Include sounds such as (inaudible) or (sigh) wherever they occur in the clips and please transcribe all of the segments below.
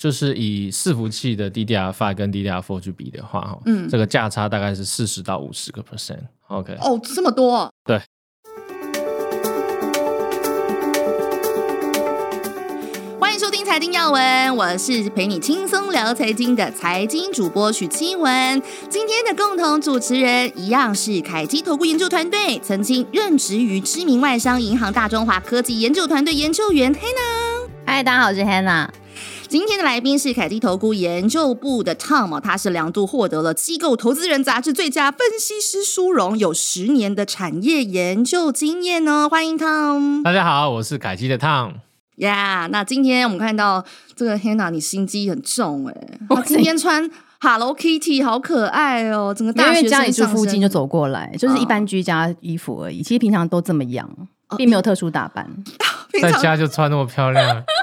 就是以伺服器的 DDR5 跟 DDR4 去比的話，哈，嗯，這個價差大概是四十到五十個 percent。OK。哦，這麼多。對。歡迎收聽財經要聞，我是陪你輕鬆聊財經的財經主播許娸雯。今天的共同主持人一樣是凱基投顧研究團隊，曾經任職於知名外商銀行大中華科技研究團隊研究員 Hannah。嗨，大家好，我是 Hannah。今天的來賓是凱基投顧研究部的 Tom，他是兩度獲得了機構投資人雜誌最佳分析師殊榮，有十年的產業研究經驗哦，歡迎 Tom。大家好，我是凱基的 Tom。呀、yeah，那今天我們看到這個 Hannah，你心機很重哎、欸，okay，我今天穿 Hello Kitty 好可愛哦，整個大學因為因為家裡是附近就走過來，就是一般居家衣服而已，啊、其實平常都這麼樣，並沒有特殊打扮，呃、在家就穿那麼漂亮。 (laughs)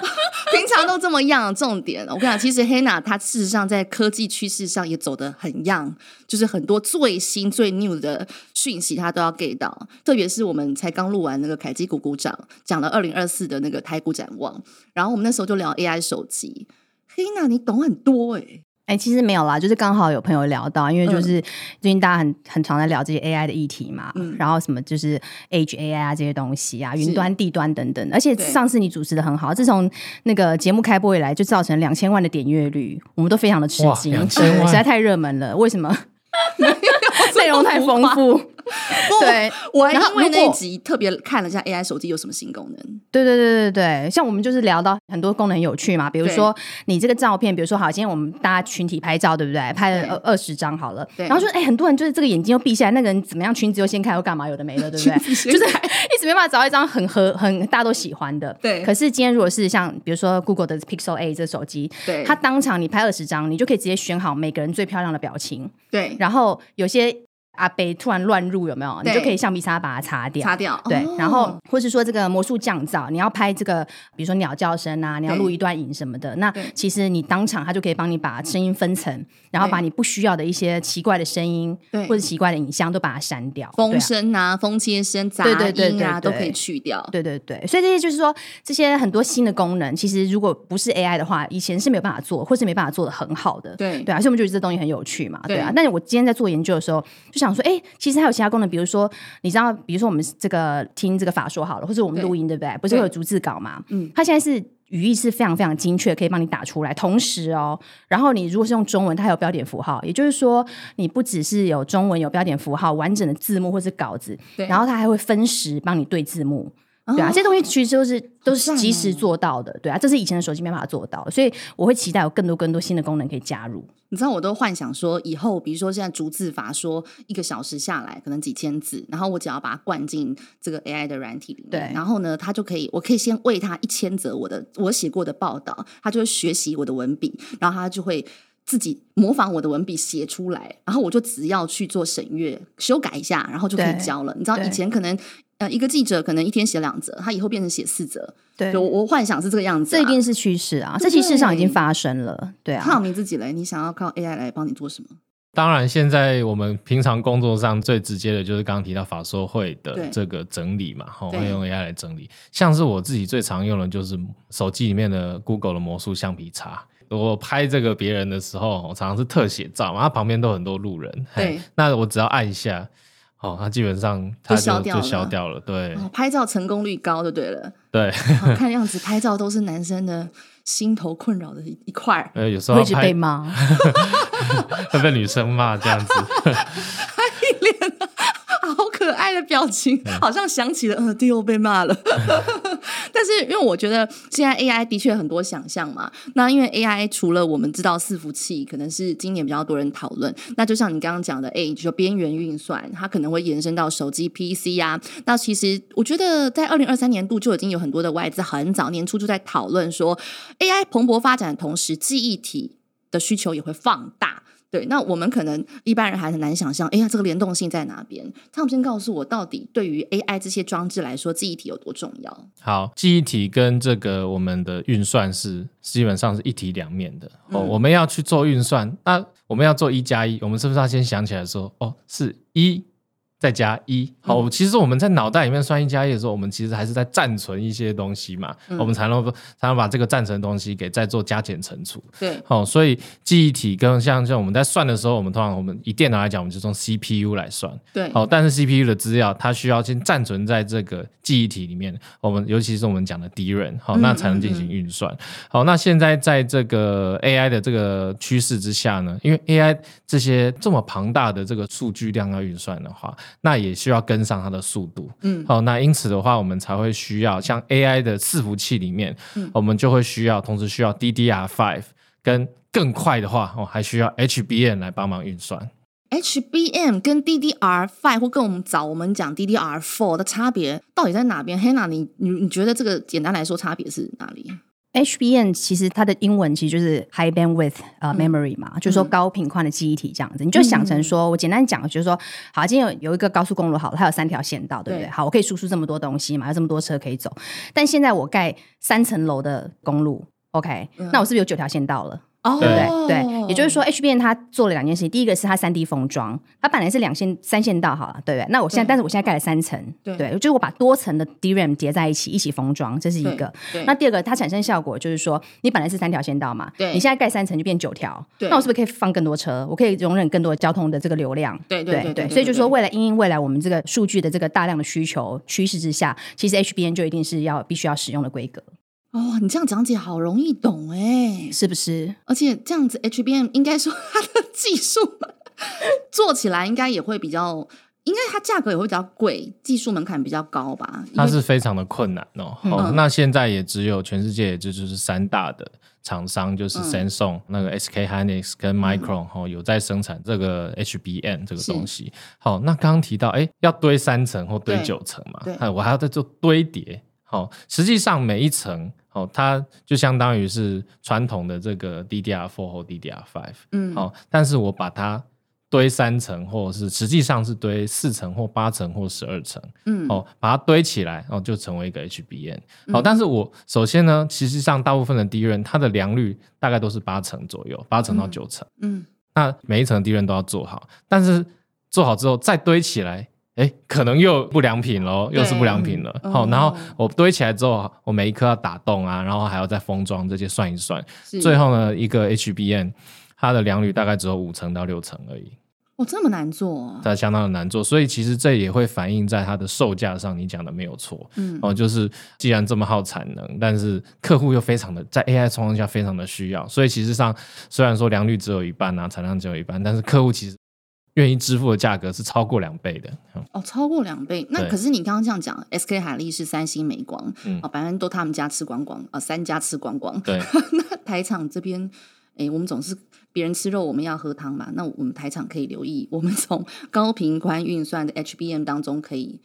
都這麼樣，重點我跟你講，其實黑娜她事實上在科技趨勢上也走得很樣，就是很多最新最 new 的訊息她都要 get 到。特別是我們才剛錄完那個凱基股股長講了二零二四的那個台股展望，然後我們那時候就聊 AI 手機，黑娜你懂很多哎、欸。哎、欸，其實沒有啦，就是剛好有朋友聊到，因為就是、嗯、最近大家很很常在聊這些 AI 的議題嘛，嗯、然後什麼就是 edge AI 啊這些東西啊，雲端、地端等等。而且上次你主持的很好，自從那個節目開播以來，就造成兩千萬的點閱率，我們都非常的吃驚，實在太熱門了，為什麼？內 (laughs) 容太豐富， (laughs) 豐富，對，我還因為那一集特別看了一下 AI 手機有什麼新功能。對對對對對，像我們就是聊到很多功能有趣嘛，比如說你這個照片，比如說好，今天我們大家群體拍照，對不對？拍了二十張好了，然後說、就、哎、是欸，很多人就是這個眼睛又閉下來，那個人怎麼樣？裙子又掀開又幹嘛？有的沒的，對不對？ (laughs) 就是還。一直沒辦法找到一張很合很大家都喜歡的，對。可是今天如果是像比如說 Google 的 Pixel 8這手機，對，它當場你拍二十張，你就可以直接選好每個人最漂亮的表情，對。然後有些。阿北突然亂入，有沒有？你就可以橡皮擦把它擦掉。擦掉。對、哦。然後，或是說這個魔術降噪，你要拍這個，比如說鳥叫聲啊，你要錄一段影什麼的，那其實你當場它就可以幫你把聲音分層，然後把你不需要的一些奇怪的聲音對，或者奇怪的影像都把它刪掉，風聲啊，啊、風切聲、雜音啊對對對對，都可以去掉。對，對對對。所以這些就是說，這些很多新的功能，其實如果不是 AI 的話，以前是沒有辦法做，或是沒辦法做得很好的。對。對啊，所以我們就覺得這東西很有趣嘛。對啊。但是、啊、我今天在做研究的時候，就想。想說，哎、欸，其實還有其他功能，比如說，你知道，比如說我們這個聽這個法說好了，或者我們錄音對，對不對？不是會有逐字稿嗎？嗯，它現在是語義是非常非常精確，可以幫你打出來。同時哦，然後你如果是用中文，它還有標點符號，也就是說，你不只是有中文有標點符號完整的字幕或是稿子，然後它還會分時幫你對字幕。對啊，哦、這些東西其實都、就是都是及時做到的、哦。對啊，這是以前的手機沒辦法做到，所以我會期待有更多更多新的功能可以加入。你知道，我都幻想說以後，比如說現在逐字法說，說一個小時下來可能幾千字，然後我只要把它灌進這個 AI 的軟體裡面，對，然後呢，它就可以，我可以先餵它一千則我的我寫過的報道，它就會學習我的文筆，然後它就會自己模仿我的文筆寫出來，然後我就只要去做審閱修改一下，然後就可以交了。你知道以前可能。呃，一個記者可能一天寫兩則，他以後變成寫四則。對，我我幻想是這個樣子、啊。這一定是趨勢啊！這其實事實上已經發生了對，對啊。靠你自己嘞，你想要靠 AI 來幫你做什麼？當然，現在我們平常工作上最直接的就是剛剛提到法說會的這個整理嘛，哦、會用 AI 來整理。像是我自己最常用的，就是手機裡面的 Google 的魔術橡皮擦。我拍這個別人的時候，我常常是特寫照嘛，他旁邊都很多路人。對，那我只要按一下。哦，他、啊、基本上他就，就消掉了，哦，對。拍照成功率高就對了，對。哦、看樣子拍照都是男生的心頭困擾的一塊，呃、欸，有時候會被罵， (laughs) (laughs) 會被女生罵這樣子， (laughs) 他一臉好可愛的表情，嗯、好像想起了，嗯、呃，又被罵了。 (laughs) 但是，因為我覺得現在 AI 的確很多想象嘛。那因為 AI 除了我們知道伺服器，可能是今年比較多人討論。那就像你剛剛講的，哎、欸，就邊緣運算，它可能會延伸到手機、PC 啊。那其實我覺得，在二零二三年度就已經有很多的外資很早年初就在討論說，AI 蓬勃發展的同時，記憶體的需求也會放大。對，那我們可能一般人還很難想象，哎呀，這個連動性在哪邊？Tom 先告訴我，到底對於 AI 這些裝置來說，記憶體有多重要？好，記憶體跟這個我們的運算是基本上是一體兩面的。哦、嗯，我們要去做運算，那我們要做一加一，我們是不是要先想起來說，哦，是一。再加一，好、嗯，其實我們在腦袋裡面算一加一的時候，我們其實還是在暫存一些東西嘛，嗯、我們才能才能把這個暫存的東西給再做加減乘除。對，好、哦，所以記憶體跟像像我們在算的時候，我們通常我們以電腦來講，我們就從 C P U 來算。對，好，但是 C P U 的資料它需要先暫存在這個記憶體裡面，我們尤其是我們講的 DRAM，好，那才能進行運算。嗯嗯嗯。好，那現在在這個 A I 的這個趨勢之下呢，因為 A I 這些這麼龐大的這個數據量要運算的話，那也需要跟上它的速度，嗯，哦，那因此的話，我們才會需要像 AI 的伺服器裡面，嗯、我們就會需要同時需要 DDR five 跟更快的話，哦，還需要 HBM 來幫忙運算。HBM 跟 DDR five 或跟我們早我們講 DDR four 的差別到底在哪邊？Hana，你你你覺得這個簡單來說差別是哪裡？HBM 其實它的英文其實就是 high bandwidth memory 嘛、嗯，就是說高頻寬的記憶體這樣子。你就想成說，我簡單講就是說，好，今天有有一個高速公路，好了，它有三條線道，對不對？好，我可以輸出這麼多東西嘛，有這麼多車可以走。但現在我蓋三層樓的公路，OK，、嗯、那我是不是有九條線道了？對不對，、哦、對，對，也就是說 HBM 它做了兩件事情。第一個是它 3D 封裝，它本來是兩線三線道好了，對不對？那我現在，但是我現在蓋了三層，對，對對，就是我把多層的 DRAM 疊在一起一起封裝，這是一個。那第二個，它產生效果就是說，你本來是三條線道嘛，對，你現在蓋三層就變九條對，那我是不是可以放更多車？我可以容忍更多的交通的這個流量？對對對，對，對所以就是說，為了因應未來我們這個數據的這個大量的需求趨勢之下，其實 HBM 就一定是要必須要使用的規格。哦，你這樣講解好容易懂，哎、欸，是不是？而且這樣子，HBM 應該說它的技術做起來應該也會比較，應該它價格也會比較貴，技術門檻比較高吧？它是非常的困難哦。好、嗯嗯哦，那現在也只有全世界也就就是三大的廠商，就是、嗯、Samsung、那個 SK Hynix 跟 Micron、嗯哦、有在生產這個 HBM 這個東西。好、哦，那剛剛提到，哎、欸，要堆三層或堆九層嘛？對，我還要再做堆疊。好、哦，實際上每一層，好、哦，它就相當於是傳統的這個 DDR four 或 DDR five，嗯，好、哦，但是我把它堆三層，或是實際上是堆四層或八層或十二層，嗯，好、哦，把它堆起來，然、哦、後就成為一個 HBM，好、嗯哦，但是我首先呢，其實際上大部分的 DRAM，它的良率大概都是八成左右，八成到九成、嗯，嗯，那每一層 DRAM 都要做好，但是做好之後再堆起來。哎，可能又不良品了，又是不良品了。好、嗯哦嗯，然後我堆起來之後，我每一顆要打洞啊，然後還要再封裝這些，算一算，最後呢，一個 HBM 它的良率大概只有五成到六成而已。哦，這麼難做、啊！它相當的難做，所以其實這也會反映在它的售價上。你講的沒有錯，嗯，哦，就是既然這麼耗產能，但是客戶又非常的在 AI 情況下非常的需要，所以其實上雖然說良率只有一半啊，產量只有一半，但是客戶其實。願意支付的價格是超過兩倍的，嗯、哦，超過兩倍。那可是你剛剛這樣講，SK 海力士、三星、美、嗯、光，哦，反正都他們家吃光光，哦，呃，三家吃光光。對， (laughs) 那台廠這邊，哎，欸，我們總是別人吃肉，我們要喝湯嘛。那我們台廠可以留意，我們從高頻寬運算的 HBM 當中可以。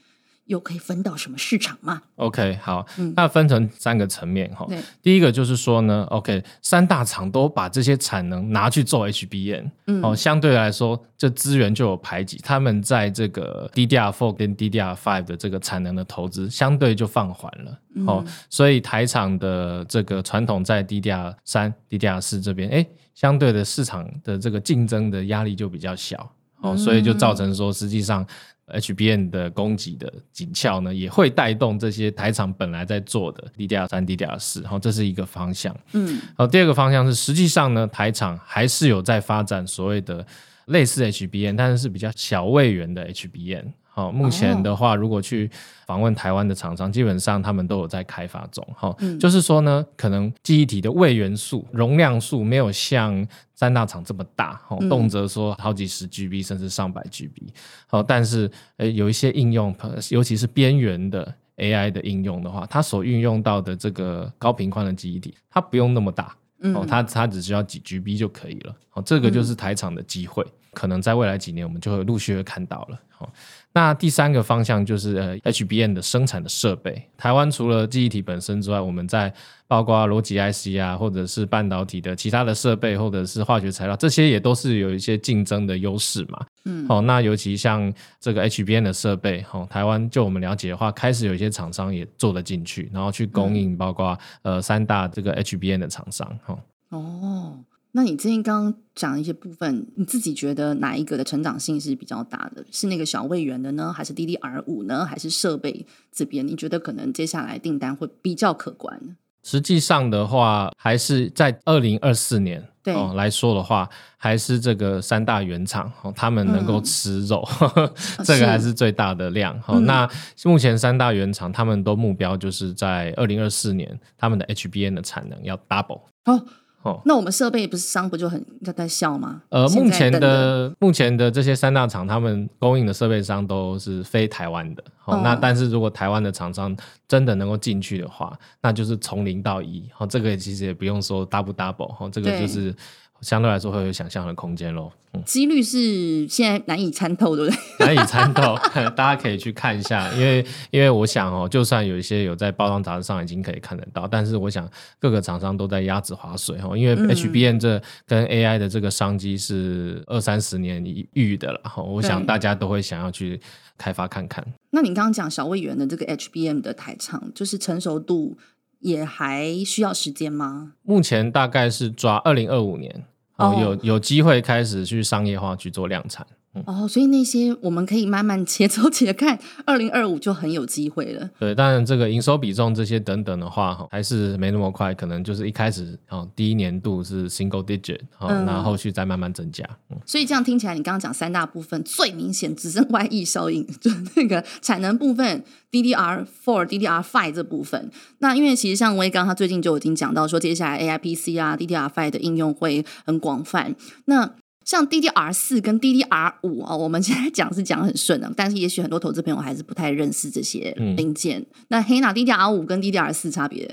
又可以分到什麼市場嘛？OK，好、嗯，那分成三個層面哈。第一個就是說呢，OK，三大廠都把這些產能拿去做 HBM 哦，相對來說，這資源就有排擠，他們在這個 DDR four 跟 DDR five 的這個產能的投資相對就放緩了，哦、嗯，所以台廠的這個傳統在 DDR 三、DDR 四這邊，哎、欸，相對的市場的這個競爭的壓力就比較小，哦，所以就造成說實際上、嗯。HBN 的供給的緊俏呢，也會帶動這些台廠本來在做的 DDR 三、哦、DDR 四，然後這是一個方向。嗯，然、哦、後第二個方向是，實際上呢，台廠還是有在發展所謂的類似 HBN，但是，是比較小位元的 HBN。好、哦，目前的話，如果去訪問台灣的廠商，哦、基本上他們都有在開發中、哦嗯。就是說呢，可能記憶體的位元素容量數沒有像三大廠這麼大，哦、嗯，動輒說好幾十 GB 甚至上百 GB、哦嗯。但是、欸、有一些應用，尤其是邊緣的 AI 的應用的話，它所運用到的這個高頻寬的記憶體，它不用那麼大，哦，嗯、它它只需要幾 GB 就可以了。哦，這個就是台廠的機會，嗯、可能在未來幾年我們就會陸續會看到了。哦。那第三個方向就是呃 HBM 的生產的設備。台灣除了記憶體本身之外，我們在包括邏輯 IC 啊，或者是半導體的其他的設備，或者是化學材料，這些也都是有一些競爭的優勢嘛。嗯，哦，那尤其像這個 HBM 的設備，哦，台灣就我們了解的話，開始有一些廠商也做得進去，然後去供應包括、嗯、呃三大這個 HBM 的廠商。哦。哦那你最近剛，剛講一些部分，你自己覺得哪一個的成長性是比較大的？是那個小威元的呢，還是 DDR 五呢，還是設備這邊？你覺得可能接下來訂單會比較可觀？實際上的話，還是在二零二四年對、哦、來說的話，還是這個三大原廠，哦、他們能夠吃肉、嗯，這個還是最大的量。啊哦嗯、那目前三大原廠他們都目標就是在二零二四年，他們的 HBM 的產能要 double 啊。哦哦，那我們設備不是商不就很在笑嗎？呃，目前的目前的這些三大廠，他們供應的設備商都是非台灣的。哦、嗯，那但是如果台灣的廠商真的能夠進去的話，那就是從零到一。哦，這個其實也不用說 double double。哦，這個就是。相對來說會有想象的空間咯，嗯，幾率是現在難以參透，對不對 (laughs) 難以參透，大家可以去看一下，因為因為我想哦，就算有一些有在報章雜誌上已經可以看得到，但是我想各個廠商都在鴨子划水哦，因為 H B M 這跟 A I 的這個商機是二三十年一遇的了，哈、嗯，我想大家都會想要去開發看看。那你剛剛講小威元的這個 H B M 的台廠，就是成熟度也還需要時間嗎？目前大概是抓二零二五年。哦，有有機會開始去商業化，oh. 去做量產。哦，所以那些我們可以慢慢且走且看，二零二五就很有機會了。對，當然這個營收比重這些等等的話，還是沒那麼快，可能就是一開始哦，第一年度是 single digit，、哦嗯、然那後續再慢慢增加、嗯。所以這樣聽起來，你剛剛講三大部分最明顯只剩外溢效應，就那個產能部分 DDR four DDR five 這部分。那因為其實像威剛，剛，他最近就已經講到說，接下來 AI PC 啊 DDR five 的應用會很廣泛。那像 DDR 四跟 DDR 五啊，我們現在講是講很順的、啊，但是也許很多投資朋友還是不太認識這些零件。嗯、那 Hannah DDR 五跟 DDR 四差別？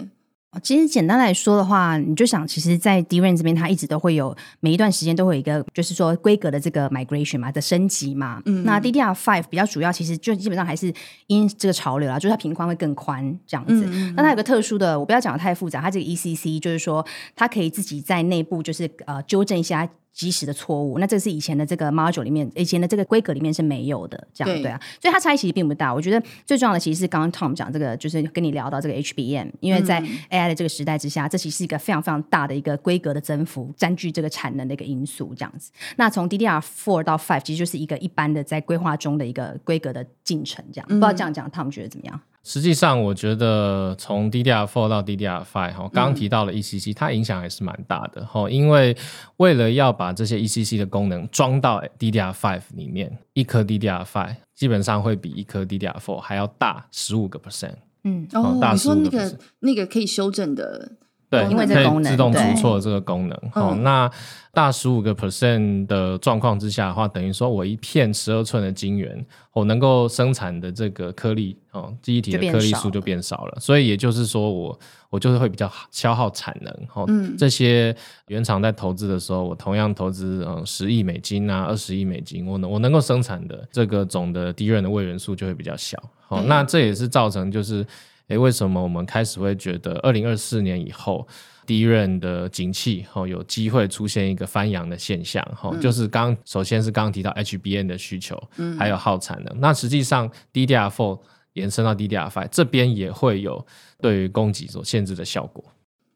其實簡單來說的話，你就想，其實，在 DRAM 這邊，它一直都會有每一段時間都會有一個，就是說規格的這個 migration 嘛的升級嘛。嗯嗯那 DDR five 比較主要，其實就基本上還是因這個潮流啦、啊，就是它頻寬會更寬這樣子。嗯嗯嗯那它有一個特殊的，我不要講的太複雜，它這個 ECC 就是說它可以自己在內部就是呃糾正一下。及時的錯誤，那這是以前的這個 module 裡面，以前的這個規格裡面是沒有的，這樣對，對啊，所以它差異其實並不大。我覺得最重要的其實是剛剛 Tom 講這個，就是跟你聊到這個 HBM，因為在 AI 的這個時代之下，嗯、這其實是一個非常非常大的一個規格的增幅，佔據這個產能的一個因素，這樣子。那從 DDR four 到 five，其實就是一個一般的在規劃中的一個規格的進程，這樣、嗯。不知道這樣講，Tom 覺得怎麼樣？實際上，我覺得從 DDR4 到 DDR5 哈，剛剛提到了 ECC、嗯、它影響還是蠻大的哈。因為為了要把這些 ECC 的功能裝到 DDR5 裡面，一顆 DDR5 基本上會比一顆 DDR4 還要大十五個、嗯、個 percent。嗯哦，你說那個那個可以修正的。對，因為這功能可以自動除錯的這個功能，哦、那大十五個 percent 的狀況之下的話，等於說我一片十二寸的晶圓，我能夠生產的這個顆粒，哦，記憶體的顆粒數就變少了，所以也就是說我，我我就是會比較消耗產能，哦、嗯，這些原廠在投資的時候，我同樣投資，嗯，十億美金啊，二十億美金，我能我能夠生產的這個總的低人的位元數就會比較小，好、哦嗯，那這也是造成就是。哎、欸，為什麼我們開始會覺得二零二四年以後 DRAM 的景氣、哦、有機會出現一個翻揚的現象哈、哦嗯？就是剛首先是剛剛提到 HBM 的需求，嗯，還有耗產能。那實際上 DDR4 延伸到 DDR5 這邊也會有對於供給所限制的效果。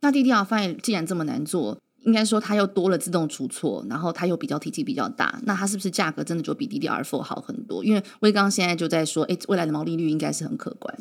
那 DDR5 既然這麼難做，應該說它又多了自動出錯，然後它又比較體積比較大，那它是不是價格真的就比 DDR4 好很多？因為威剛現在就在說、欸，未來的毛利率應該是很可觀。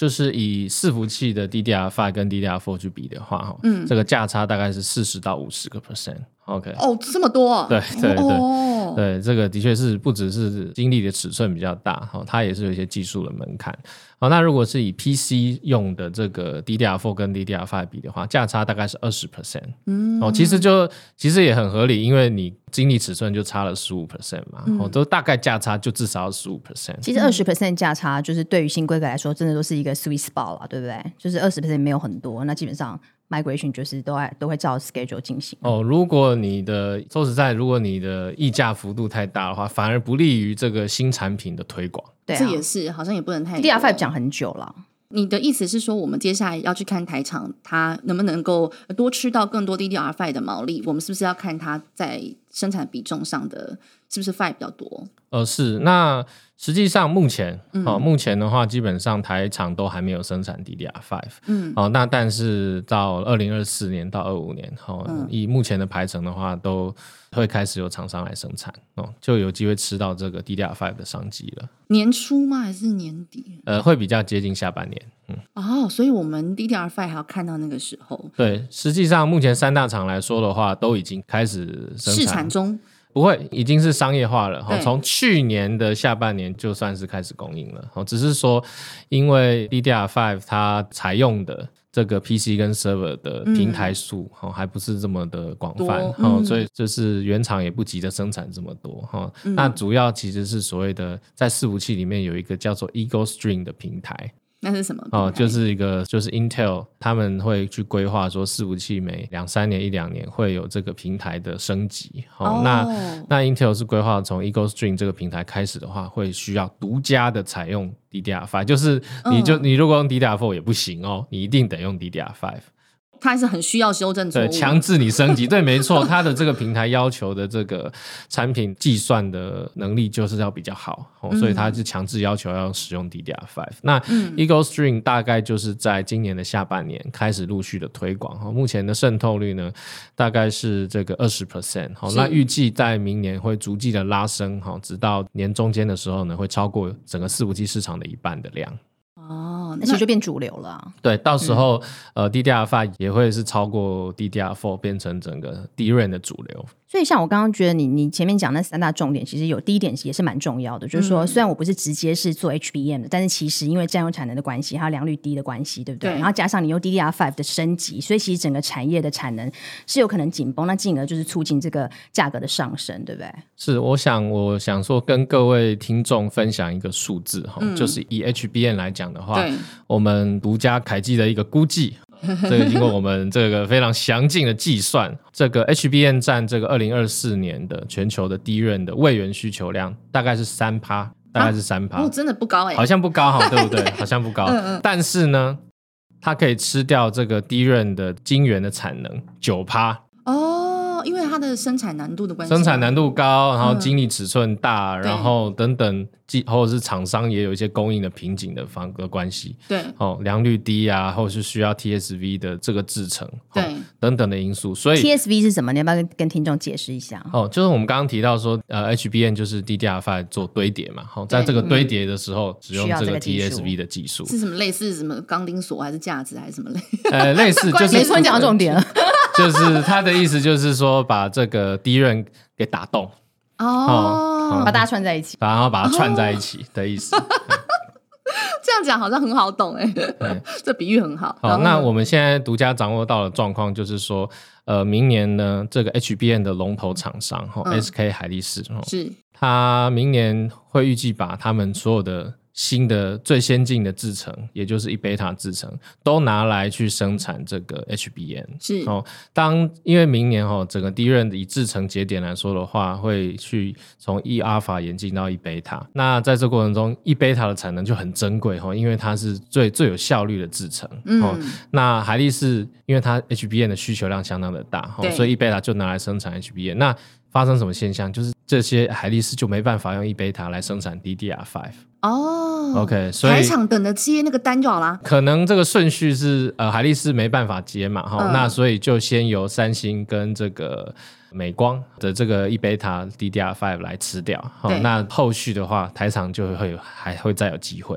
就是以伺服器的 DDR5 跟 DDR4 去比的話，哈，嗯，這個價差大概是四十到五十個 percent，OK，哦，這麼多、啊，對對對、哦、對，這個的確是不只是晶粒的尺寸比較大，哈、哦，它也是有一些技術的門檻，好，那如果是以 PC 用的這個 DDR4 跟 DDR5 比的話，價差大概是二十 percent，嗯，哦，其實就其實也很合理，因為你。精力尺寸就差了十五 percent 嘛、嗯哦，都大概價差就至少要十五 percent。其實二十 percent 價差就是對於新規格來說，真的都是一個 sweet spot 啊，對不對？就是二十 percent 沒有很多，那基本上 migration 就是都愛都會照 schedule 進行。哦，如果你的說實在，如果你的溢價幅度太大的話，反而不利於這個新產品的推廣。對、啊，這也是好像也不能太。DDR five 講很久了，你的意思是說，我們接下來要去看台廠，它能不能夠多吃到更多 DDR five 的毛利？我們是不是要看它在？生產比重上的是不是 five 比較多？呃、哦、是，那實際上目前、嗯、哦，目前的話，基本上台廠都還沒有生產 DDR5，嗯，哦，那但是到二零二四年到二五年，哦、嗯，以目前的排程的話，都會開始有廠商來生產哦，就有機會吃到這個 DDR5 的商機了。年初嗎？還是年底？呃，會比較接近下半年。嗯，哦，所以我們 DDR5 還要看到那個時候。對，實際上目前三大廠來說的話，都已經開始生產試產中。不會，已經是商業化了哈。從去年的下半年就算是開始供應了哈，只是說因為 DDR5 它採用的這個 PC 跟 server 的平台數哈、嗯，還不是這麼的廣泛哈、嗯哦，所以就是原廠也不急着生產這麼多哈、哦嗯。那主要其實是所謂的在伺服器裡面有一個叫做 Eagle Stream 的平台。那是什麼？哦，就是一個就是 Intel，他們會去規劃說，伺服器每兩三年一兩年會有這個平台的升級。哦，哦那那 Intel 是規劃從 Eagle Stream 這個平台開始的話，會需要獨家的採用 DDR5 就是你就、哦、你如果用 DDR4 也不行哦，你一定得用 DDR5 它還是很需要修正，對，強制你升級， (laughs) 對，沒錯，它的這個平台要求的這個產品計算的能力就是要比較好，嗯哦、所以它是強制要求要使用 DDR5 那 Eagle Stream 大概就是在今年的下半年開始陸續的推廣，哈、哦，目前的滲透率呢大概是這個二十 percent，好，那預計在明年會逐季的拉升，哈、哦，直到年中間的時候呢會超過整個四五 G 市場的一半的量。哦，那其實就變主流了、啊。對，到時候、嗯、呃，DDR5 也會是超過 DDR4，變成整個地 n 的主流。所以，像我剛剛覺得你你前面講的那三大重點，其實有第一點也是蠻重要的，就是說、嗯，雖然我不是直接是做 HBM 的，但是其實因為佔用產能的關係，還有良率低的關係，對不對？對，然後加上你用 DDR5 的升級，所以其實整個產業的產能是有可能緊繃，那進而就是促進這個價格的上升，對不對？是，我想我想說跟各位聽眾分享一個數字哈、嗯，就是以 HBM 來講的話，我們獨家凱基的一個估計。這 (laughs) 個，經過我們這個非常詳盡的計算，這個 HBM 占這個二零二四年的全球的 DRAM 的位元需求量大概是三趴，大概是三趴，哦、嗯，真的不高哎、欸， (laughs) 好像不高，哈，對不對？好像不高，但是呢，它可以吃掉這個 DRAM 的晶圓的產能九趴哦。它的生產難度的關係、啊，生產難度高，然後晶粒尺寸大、嗯，然後等等，或或者是廠商也有一些供應的瓶頸的方的關係。對，哦，良率低啊，或者是需要 TSV 的這個制程，對，哦、等等的因素。所以 TSV 是什麼？你要不要跟跟聽眾解釋一下？哦，就是我們剛剛提到說，呃，HBM 就是 DDR5 做堆疊嘛。好、哦，在這個堆疊的時候，只、嗯、用這個 TSV 的技術,技術是什麼？類似什麼鋼釘鎖還是架子還是什麼類？呃、哎，類似就是。 (laughs) 關你講到重點了。 (laughs) (laughs) 就是他的意思，就是說把這個 DRAM 給打動哦、oh, 嗯，把大家串在一起，然後把它串在一起的意思。Oh. (laughs) 這樣講好像很好懂哎，對 (laughs) 這比喻很好。好、嗯嗯嗯，哦，那我們現在獨家掌握到的狀況就是說，呃，明年呢，這個 HBM 的龍頭廠商哈、哦嗯、SK 海力士哈、哦，是他明年會預計把他們所有的。新的最先進的製程，也就是一貝塔製程，都拿來去生產這個 HBM。是哦，當因為明年哦，整個 DRAM 以製程節點來說的話，會去從 Eα 爾法演進到 e 貝塔。那在這過程中，e 貝塔的產能就很珍貴哦，因為它是最最有效率的製程。嗯。哦，那海力士，因為它 HBM 的需求量相當的大，所以 e 貝塔就拿來生產 HBM。那發生什麼現象？就是這些海力士就沒辦法用一貝塔來生產 DDR five 哦、oh,，OK，所以台廠等着接那個單就好了。可能這個順序是呃，海力士沒辦法接嘛哈、呃，那所以就先由三星跟這個美光的這個一貝塔 DDR five 來吃掉。好，那後續的話，台廠就會還會再有機會。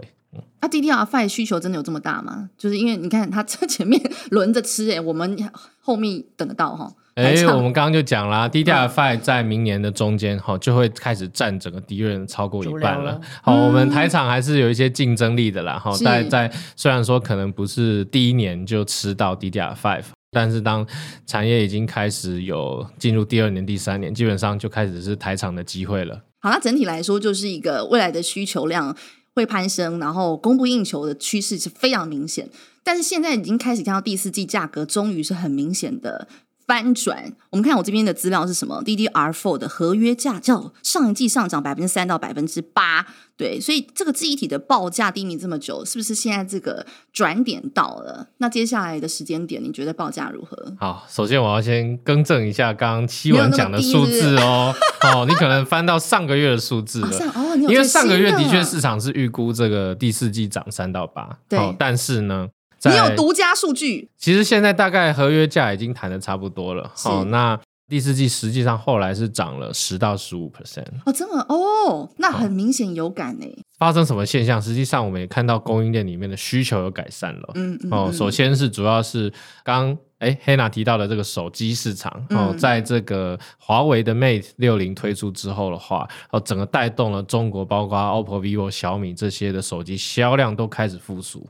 那、啊、DDR5 需求真的有這麼大嗎？就是因為你看，它車前面輪着吃、欸，我們後面等得到哈。哎、欸，我們剛剛就講了，DDR5 在明年的中間，哈，就會開始占整個敵人超過一半了了。好，我們台廠還是有一些競爭力的啦。哈、嗯，但在雖然說可能不是第一年就吃到 DDR5，但是當產業已經開始有進入第二年、第三年，基本上就開始是台廠的機會了。好，那整體來說，就是一個未來的需求量。會攀升，然後供不應求的趨勢是非常明顯。但是現在已經開始看到第四季價格，終於是很明顯的，翻轉，我們看我這邊的資料是什麼？DDR four 的合約價較上一季上漲百分之三到百分之八，對，所以這個記憶體的報價低迷這麼久，是不是現在這個轉點到了？那接下來的時間點，你覺得報價如何？好，首先我要先更正一下，剛剛娸雯講的數字哦，哦 (laughs) 你可能翻到上個月的數字了、 (laughs) 哦哦、因為上個月的確市場是預估這個第四季漲三到八，對、哦，但是呢。你有獨家數據，其實現在大概合約價已經談得差不多了。好、哦，那第四季實際上後來是漲了十到十五 percent。哦，真的哦，那很明顯有感誒、哦。發生什麼現象？實際上我們也看到供應鏈裡面的需求有改善了。嗯，嗯哦，首先是主要是剛哎黑娜提到的這個手機市場、嗯、哦，在這個華為的 Mate 六零推出之後的話，哦，整個帶動了中國包括 OPPO、vivo、小米這些的手機銷量都開始復甦。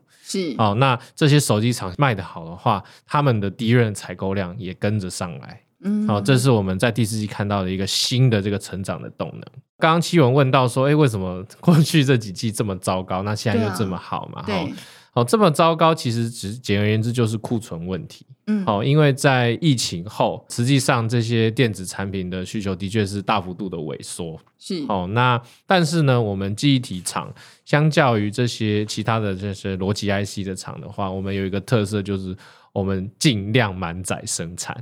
哦，那這些手機廠賣的好的話，他們的第一任採購量也跟着上來。嗯，哦，這是我們在第四季看到的一個新的這個成長的動能。剛剛七文問到說，哎、欸，為什麼過去這幾季這麼糟糕，那現在又這麼好嘛、啊？對。哦，這麼糟糕，其實只簡而言之就是庫存問題。嗯，好，哦，因為在疫情後，實際上這些電子產品的需求的確是大幅度的萎縮。是，哦，那但是呢，我們記憶體廠相較於這些其他的這些邏輯 IC 的廠的話，我們有一個特色就是我們盡量滿載生產。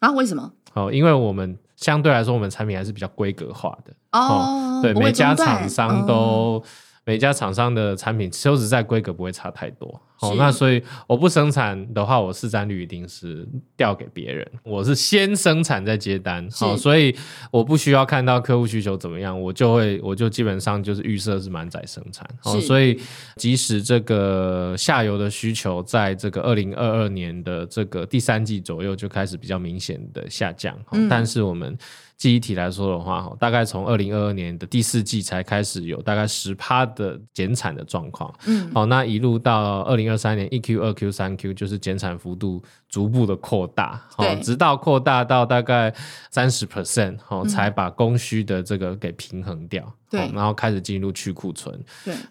啊，為什麼？哦，因為我們相對來說，我們產品還是比較規格化的，啊。哦，對，對每家廠商都，嗯。每家廠商的產品，其實在，規格不會差太多。好、哦，那所以我不生產的話，我市占率一定是調給別人。我是先生產再接單，好、哦，所以我不需要看到客戶需求怎麼樣，我就會，我就基本上就是預設是滿載生產。好、哦，所以即使這個下游的需求在這個二零二二年的這個第三季左右就開始比較明顯的下降、哦嗯，但是我們。記憶體來說的話，哈，大概從二零二二年的第四季才開始有大概十趴的減產的狀況，好、嗯哦，那一路到二零二三年一 Q、二 Q、三 Q 就是減產幅度逐步的擴大、哦，直到擴大到大概三十 percent，好，才把供需的這個給平衡掉，哦、然後開始進入去庫存，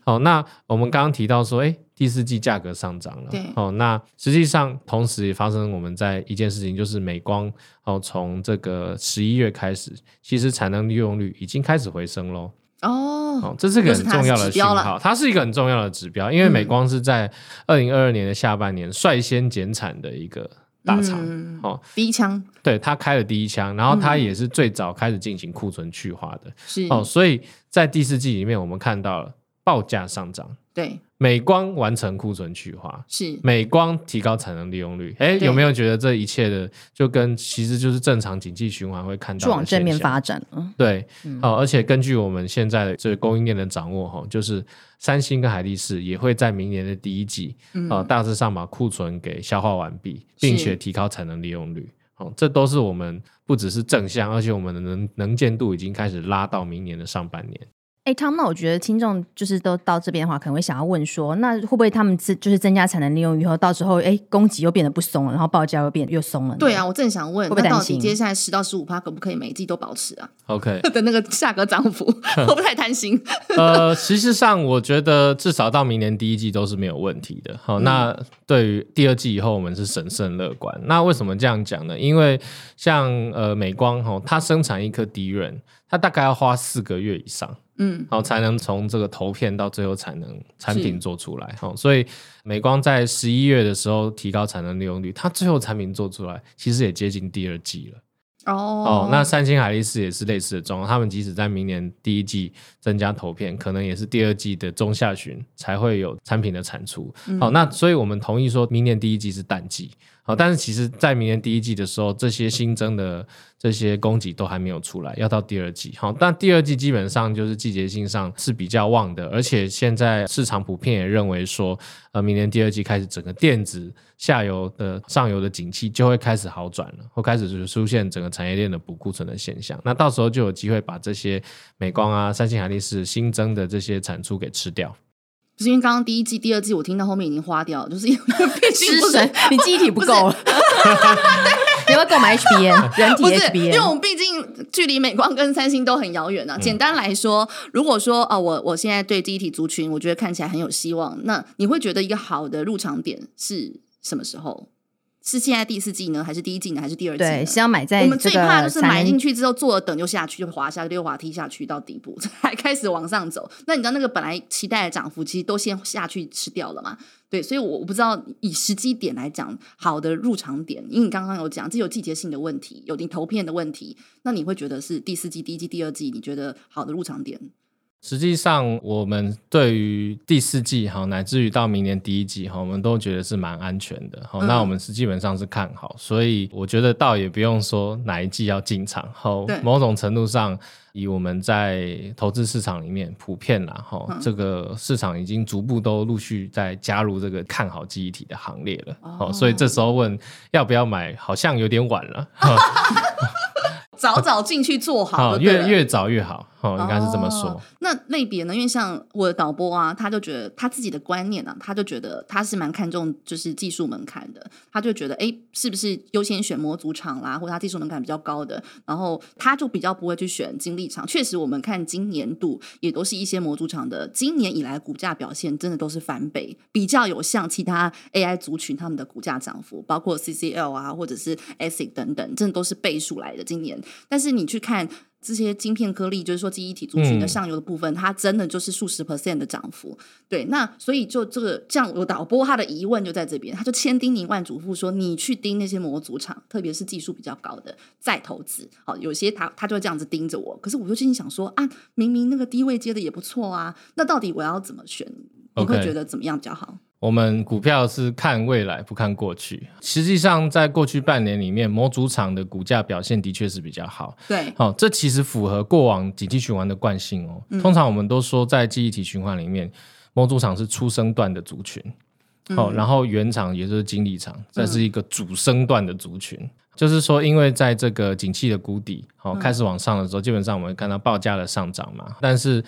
好、哦，那我們剛剛提到說，哎、欸。第四季價格上漲了，對，哦，那實際上同時也發生我們在一件事情，就是美光哦，從這個十一月開始，其實產能利用率已經開始回升嘍、哦。哦，這是一個很重要的訊號是是指標了，它是一個很重要的指標，因為美光是在二零二二年的下半年率先減產的一個大廠、嗯、哦，第一槍，對，它開了第一槍，然後它也是最早開始進行庫存去化的，嗯、哦，所以在第四季裡面，我們看到了報價上漲。對，美光完成庫存去化，是美光提高產能利用率。哎，有沒有覺得這一切的就跟其實就是正常經濟循環會看到的，就往正面發展。對，哦、嗯呃，而且根據我們現在的這個供應鏈的掌握，哈、哦，就是三星跟海力士也會在明年的第一季啊、嗯呃，大致上把庫存給消化完畢，並且提高產能利用率。哦，這都是我們不只是正向，而且我們的能能見度已經開始拉到明年的上半年。哎，Tom 那我覺得聽眾就是都到這邊的話，可能會想要問說，那會不會他們增就是增加產能利用以後，到時候哎，供給又變得不鬆了，然後報價又變得又鬆了對？對啊，我正想問，那會不會到底接下來十到十五趴可不可以每一季都保持啊？OK 的那個價格漲幅， (laughs) (laughs) 我不太貪心。 (laughs) 呃，事實上，我覺得至少到明年第一季都是沒有問題的。好、哦嗯，那對於第二季以後，我們是審慎樂觀。那為什麼這樣講呢？因為像呃美光哦，它生產一顆 DRAM，它大概要花四個月以上。嗯，好，才能從這個投片到最後，才能產品做出來，好、哦，所以美光在十一月的時候提高產能利用率，它最後產品做出來其實也接近第二季了。哦，哦，那三星海力士也是類似的狀況，他們即使在明年第一季增加投片，可能也是第二季的中下旬才會有產品的產出。嗯，好，那所以我們同意說明年第一季是淡季。好，但是其實在明年第一季的時候，這些新增的這些供給都還沒有出來，要到第二季。好，但第二季基本上就是季節性上是比較旺的，而且現在市場普遍也認為說，呃，明年第二季開始整個電子下游的上游的景氣就會開始好轉了，會開始就出現整個產業鏈的補庫存的現象，那到時候就有機會把這些美光啊、三星、海力士新增的這些產出給吃掉。是因為剛剛第一季、第二季我聽到後面已經花掉了，就是因為失神，你記憶體不夠了。了 (laughs) 你要不要購買 HBM (laughs) 人體 HBM？因為我們畢竟距離美光跟三星都很遙遠呢、啊。簡單來說，如果說啊、哦，我我現在對記憶體族群，我覺得看起來很有希望。那你會覺得一個好的入場點是什麼時候？是現在第四季呢，還是第一季呢，還是第二季？對，先買在我們最怕就是買進去之後坐了等就下去，就滑下溜滑梯下去到底部，才開始往上走。那你知道那個本來期待的漲幅，其實都先下去吃掉了嘛？對，所以我不知道以時機點來講，好的入場點，因為你剛剛有講，這有季節性的問題，有點投片的問題，那你會覺得是第四季、第一季、第二季，你覺得好的入場點？實際上，我們對於第四季哈，乃至於到明年第一季哈，我們都覺得是蠻安全的哈、嗯。那我們是基本上是看好，所以我覺得倒也不用說哪一季要進場哈。某種程度上，以我們在投資市場裡面普遍啦哈、嗯，這個市場已經逐步都陸續在加入這個看好記憶體的行列了哦。所以這時候問要不要買，好像有點晚了。 (laughs) (laughs) 早早進去做好了，越越早越好。哦，應該是這麼說。哦、那類別呢？因為像我的導播啊，他就覺得他自己的觀念呢、啊，他就覺得他是蠻看重就是技術門檻的。他就覺得，哎、欸，是不是優先選模組廠啦，或者他技術門檻比較高的？然後他就比較不會去選晶粒廠。確實，我們看今年度也都是一些模組廠的今年以來股價表現，真的都是翻倍，比較有像其他 AI 族群他們的股價漲幅，包括 CCL 啊，或者是 ASIC 等等，這都是倍數來的。今年，但是你去看。這些晶片顆粒，就是說，記憶體族群的上游的部分，嗯、它真的就是數十 percent 的漲幅。對，那所以就這個這樣，像我導播他的疑問就在這邊，他就千叮嚀萬囑咐說，你去盯那些模組廠，特別是技術比較高的再投資。好，有些他他就會這樣子盯着我，可是我就心想說啊，明明那個低位接的也不錯啊，那到底我要怎麼選？你會覺得怎麼樣比較好？Okay. 我們股票是看未來不看過去。實際上，在過去半年裡面，模組廠的股價表現的確是比較好。對，好、哦，這其實符合過往景氣循環的慣性哦、嗯。通常我們都說，在記憶體循環裡面，模組廠是初升段的族群。好、哦嗯，然後原廠也就是晶粒廠，這是一個主升段的族群。嗯、就是說，因為在這個景氣的谷底，好、哦、開始往上的時候、嗯，基本上我們會看到報價的上漲嘛。但是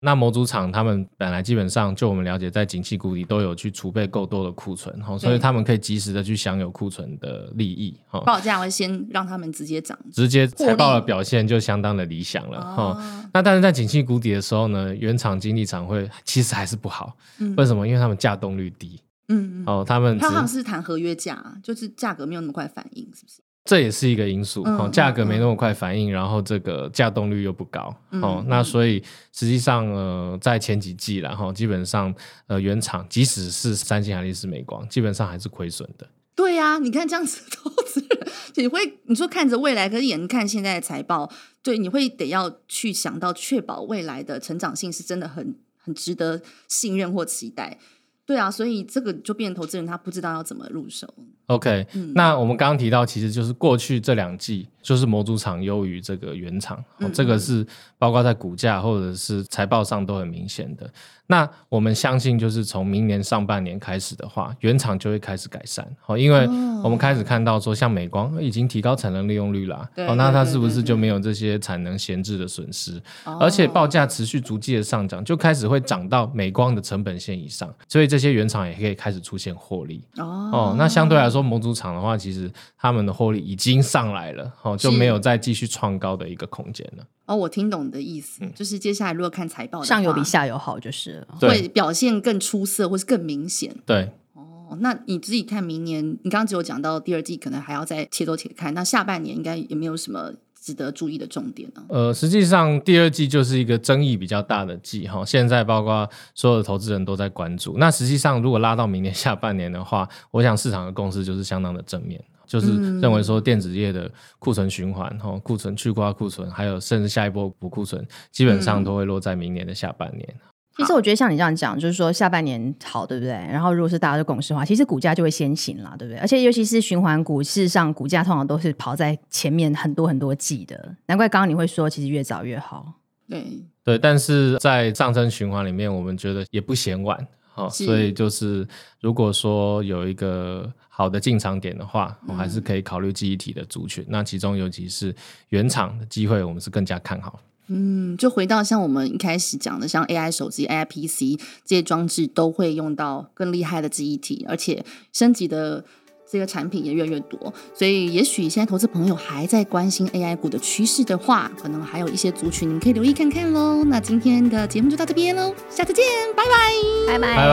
那模組廠他們本來基本上，就我們了解，在景氣谷底都有去儲備夠多的庫存、哦，所以他們可以及時的去享有庫存的利益。哦，報價會先讓他們直接漲，直接財報的表現就相當的理想了。了哦，那、哦、但是在景氣谷底的時候呢，原廠、經濟廠會其實還是不好。嗯、為什麼？因為他們價動率低。嗯，嗯哦，他們他們好像是談合約價、啊，就是價格沒有那麼快反應，是不是？這也是一個因素、嗯、哦，價格沒那麼快反應，嗯嗯、然後這個價動率又不高、嗯、哦、嗯，那所以實際上呃，在前幾季然後基本上呃，原廠即使是三星、海力士、美光，基本上還是虧損的。對呀、啊，你看這樣子，投資人你會你說看着未來，可是眼看現在的財報，對，你會得要去想到確保未來的成長性是真的很很值得信任或期待。對啊，所以這個就變成投資人他不知道要怎麼入手。OK，、嗯、那我們剛剛提到，其實就是過去這兩季就是模組廠優於這個原廠、嗯哦，這個是包括在股價或者是財報上都很明顯的、嗯。那我們相信，就是從明年上半年開始的話，原廠就會開始改善哦，因為我們開始看到說，像美光已經提高產能利用率啦、嗯，哦，那它是不是就沒有這些產能閒置的損失、嗯？而且報價持續逐季的上漲，就開始會漲到美光的成本線以上，所以這些原廠也可以開始出現獲利哦、哦。哦，那相對來說。如果說模組廠的話，其實他們的獲利已經上來了，哦，就沒有再繼續創高的一個空間了。哦，我聽懂你的意思、嗯、就是，接下來如果看財報，上游比下游好，就是會表現更出色，或是更明顯對。對，哦，那你自己看明年，你剛剛只有講到第二季可能還要再且走且看，那下半年應該也沒有什麼。值得注意的重點呢？啊。呃，實際上第二季就是一個爭議比較大的季哈，現在包括所有的投資人都在關注。那實際上如果拉到明年下半年的話，我想市場的共識就是相當的正面，就是認為說電子業的庫存循環、哈庫存去化、庫存還有甚至下一波補庫存，基本上都會落在明年的下半年。其實我覺得像你這樣講，就是說下半年好，對不對？然後如果是大家都共識的話，其實股價就會先行了，對不對？而且尤其是循環股市上，股價通常都是跑在前面很多很多季的，難怪剛剛你會說，其實越早越好。對對，但是在上升循環裡面，我們覺得也不嫌晚哦。所以就是，如果說有一個好的進場點的話，我還是可以考慮記憶體的族群。嗯。那其中尤其是原廠的機會，我們是更加看好。嗯，就回到像我們一開始講的，像 AI 手機、AI PC 這些裝置，都會用到更厲害的記憶體，而且升級的這個產品也越來越多。所以，也許現在投資朋友還在關心 AI 股的趨勢的話，可能還有一些族群你可以留意看看嘍。那今天的節目就到這邊嘍，下次見，拜拜，拜拜，拜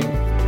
拜。